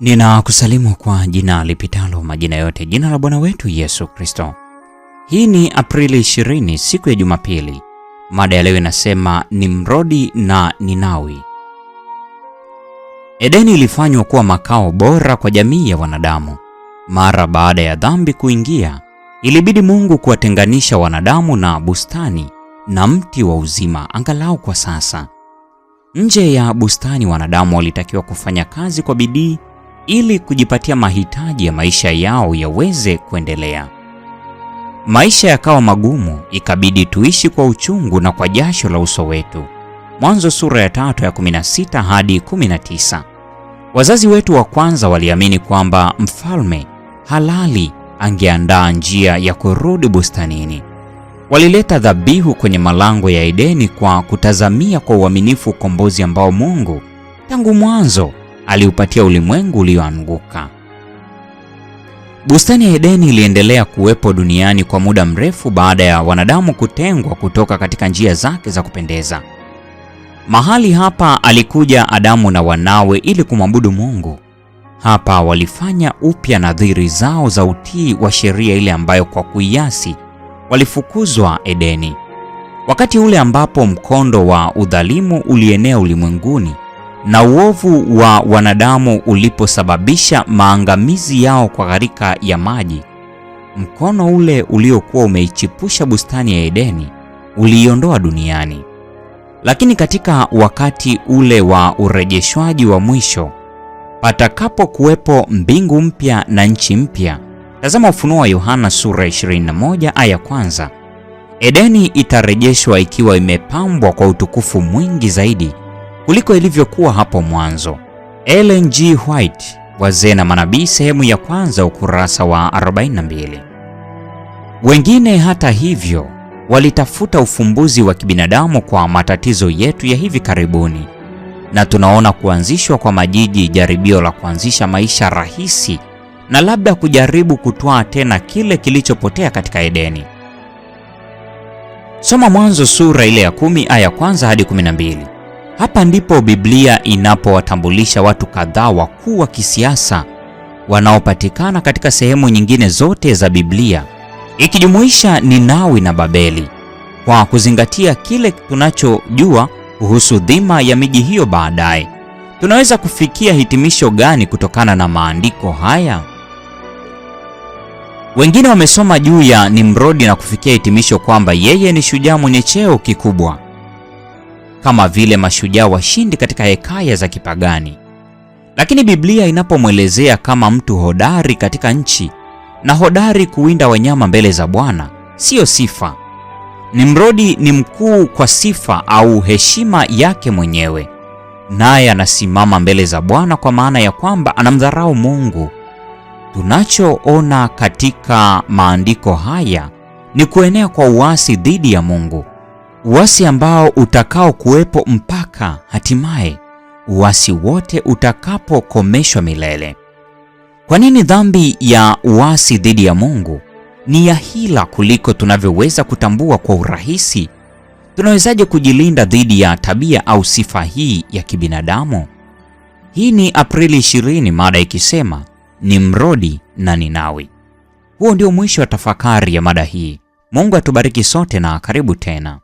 Ninakusalimu kwa jina lipitalo majina yote, jina la Bwana wetu Yesu Kristo. Hii ni Aprili 20, siku ya Jumapili. Mada ya leo inasema Nimrodi na Ninawi. Edeni ilifanywa kuwa makao bora kwa jamii ya wanadamu. Mara baada ya dhambi kuingia, ilibidi Mungu kuwatenganisha wanadamu na bustani na mti wa uzima, angalau kwa sasa. Nje ya bustani, wanadamu walitakiwa kufanya kazi kwa bidii ili kujipatia mahitaji ya maisha yao yaweze kuendelea. Maisha yakawa magumu, ikabidi tuishi kwa uchungu na kwa jasho la uso wetu. Mwanzo sura ya tatu ya 16 hadi 19. Wazazi wetu wa kwanza waliamini kwamba mfalme halali angeandaa njia ya kurudi bustanini. Walileta dhabihu kwenye malango ya Edeni kwa kutazamia kwa uaminifu ukombozi ambao Mungu tangu mwanzo aliupatia ulimwengu ulioanguka. Bustani ya Edeni iliendelea kuwepo duniani kwa muda mrefu baada ya wanadamu kutengwa kutoka katika njia zake za kupendeza. Mahali hapa alikuja Adamu na wanawe ili kumwabudu Mungu. Hapa walifanya upya nadhiri zao za utii wa sheria ile ambayo kwa kuiasi walifukuzwa Edeni. Wakati ule ambapo mkondo wa udhalimu ulienea ulimwenguni, na uovu wa wanadamu uliposababisha maangamizi yao kwa gharika ya maji, mkono ule uliokuwa umeichipusha bustani ya Edeni uliiondoa duniani. Lakini katika wakati ule wa urejeshwaji wa mwisho, patakapo kuwepo mbingu mpya na nchi mpya, tazama Ufunuo wa Yohana sura 21 aya kwanza, Edeni itarejeshwa ikiwa imepambwa kwa utukufu mwingi zaidi kuliko ilivyokuwa hapo mwanzo. Ellen G. White, Wazee na Manabii, sehemu ya kwanza, ukurasa wa 42. Wengine hata hivyo walitafuta ufumbuzi wa kibinadamu kwa matatizo yetu ya hivi karibuni, na tunaona kuanzishwa kwa majiji, jaribio la kuanzisha maisha rahisi na labda kujaribu kutwaa tena kile kilichopotea katika Edeni. Soma Mwanzo sura ile ya kumi aya kwanza hadi 12. Hapa ndipo Biblia inapowatambulisha watu kadhaa wakuu wa kisiasa wanaopatikana katika sehemu nyingine zote za Biblia ikijumuisha Ninawi na Babeli. Kwa kuzingatia kile tunachojua kuhusu dhima ya miji hiyo baadaye, tunaweza kufikia hitimisho gani kutokana na maandiko haya? Wengine wamesoma juu ya Nimrodi na kufikia hitimisho kwamba yeye ni shujaa mwenye cheo kikubwa kama vile mashujaa washindi katika hekaya za kipagani. Lakini Biblia inapomwelezea kama mtu hodari katika nchi na hodari kuwinda wanyama mbele za Bwana, siyo sifa. Nimrodi ni mkuu kwa sifa au heshima yake mwenyewe, naye anasimama mbele za Bwana kwa maana ya kwamba anamdharau Mungu. Tunachoona katika maandiko haya ni kuenea kwa uasi dhidi ya Mungu uasi ambao utakao kuwepo mpaka hatimaye uasi wote utakapokomeshwa milele. Kwa nini dhambi ya uasi dhidi ya Mungu ni ya hila kuliko tunavyoweza kutambua kwa urahisi? Tunawezaje kujilinda dhidi ya tabia au sifa hii ya kibinadamu? Hii ni Aprili 20, mada ikisema ni mrodi na Ninawi. Huo ndio mwisho wa tafakari ya mada hii. Mungu atubariki sote na karibu tena.